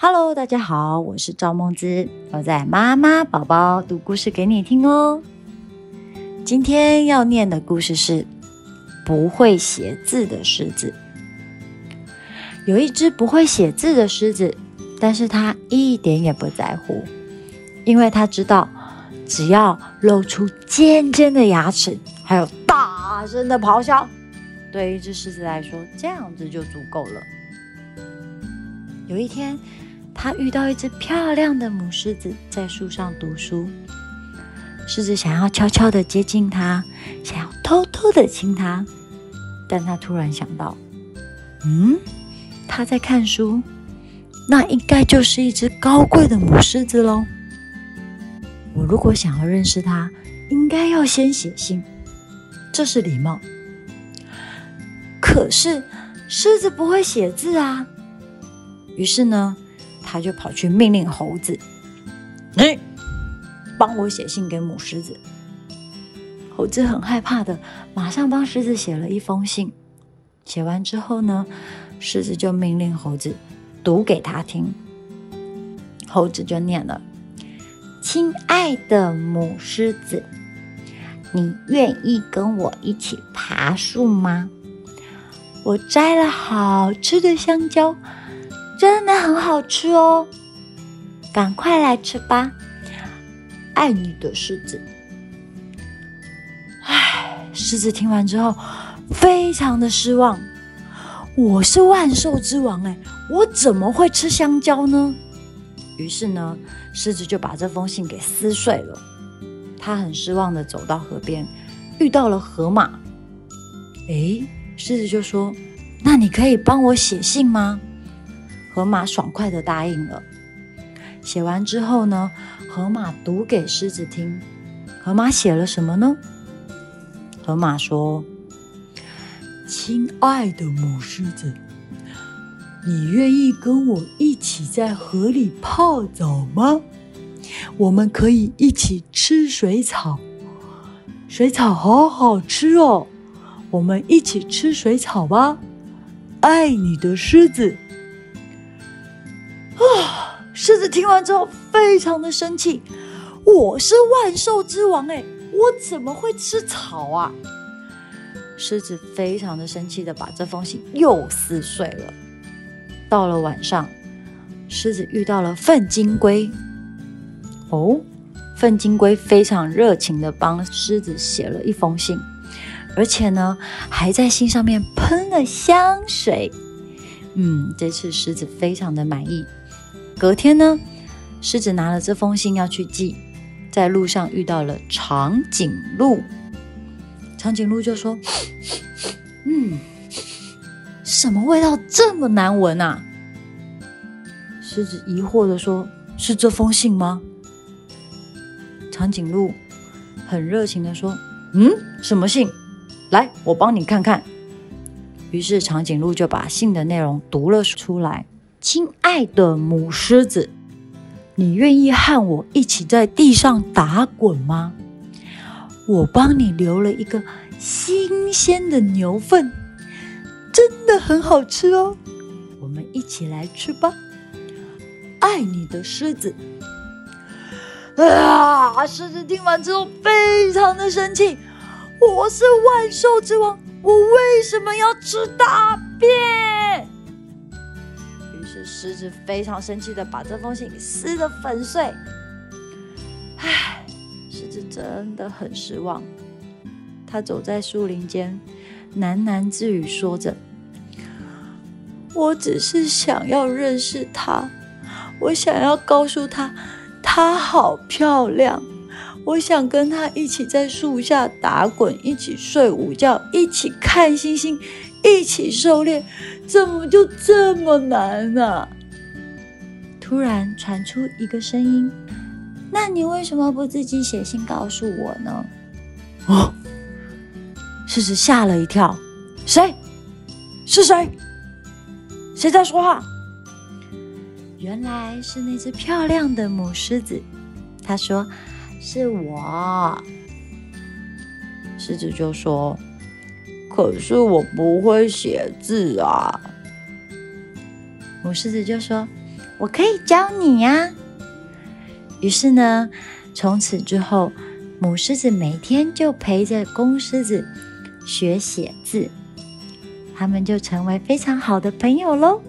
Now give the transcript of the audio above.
Hello，大家好，我是趙孟姿，我在媽媽寶寶讀故事給你聽哦。今天要念的故事是《不會寫字的獅子》。有一隻不會寫字的獅子，但是它一點也不在乎，因為它知道，只要露出尖尖的牙齒，還有大聲的咆哮，對一隻獅子來說，這樣子就足夠了。有一天，他遇到一隻漂亮的母獅子在樹上讀書，獅子想要悄悄的接近它想要偷偷的親它但他突然想到，嗯，他在看書，那應該就是一隻高貴的母獅子嘍。我如果想要認識他，應該要先寫信，這是禮貌。可是獅子不會寫字啊，於是呢。他就跑去命令猴子：“你幫我寫信給母獅子。”猴子很害怕的，馬上幫獅子寫了一封信。寫完之後呢，獅子就命令猴子讀給他聽。猴子就念了：“親愛的母獅子，你願意跟我一起爬樹嗎？我摘了好吃的香蕉。”真的很好吃哦，趕快來吃吧！愛你的獅子。哎，獅子聽完之後非常的失望。我是萬獸之王哎，我怎麼會吃香蕉呢？於是呢，獅子就把這封信給撕碎了。他很失望的走到河邊，遇到了河馬。哎，獅子就說：“那你可以幫我寫信嗎？”河馬爽快地答應了。寫完之後呢，河馬讀給獅子聽。河馬寫了什麼呢？河馬說：“親愛的母獅子，你願意跟我一起在河裡泡澡嗎？我們可以一起吃水草。水草好好吃哦。我們一起吃水草吧。愛你的獅子。”啊！獅子聽完之後非常的生氣，我是萬獸之王哎，我怎麼會吃草啊？獅子非常的生氣的把這封信又撕碎了。到了晚上，獅子遇到了糞金龜，哦，糞金龜非常熱情的幫獅子寫了一封信，而且呢還在信上面噴了香水。嗯，這次獅子非常的滿意。隔天呢，獅子拿了這封信要去寄，在路上遇到了長頸鹿，長頸鹿就說：“嗯，什麼味道這麼難聞啊？”獅子疑惑地說：“是這封信嗎？”長頸鹿很熱情地說：“嗯，什麼信？來，我幫你看看。”於是長頸鹿就把信的內容讀了出來。親愛的母獅子，你願意和我一起在地上打滾嗎？我幫你留了一個新鮮的牛糞，真的很好吃哦，我們一起來吃吧。愛你的獅子。啊！獅子聽完之後非常的生氣，我是萬獸之王，我為什麼要吃大便？於是獅子非常生氣的把這封信撕得粉碎。唉，獅子真的很失望。他走在樹林間，喃喃自語說着：“我只是想要認識她，我想要告訴她，她好漂亮。我想跟她一起在樹下打滾，一起睡午覺，一起看星星。”一起狩獵，怎麼就這麼難呢？突然傳出一個聲音：“那你為什麼不自己寫信告訴我呢？”哦。獅子嚇了一跳：“誰？是誰？誰在說話？”原來是那隻漂亮的母獅子，她說：“是我。”獅子就說。可是我不會寫字啊！母獅子就說：“我可以教你呀、啊。”於是呢，從此之後，母獅子每天就陪着公獅子學寫字，他們就成為非常好的朋友嘍。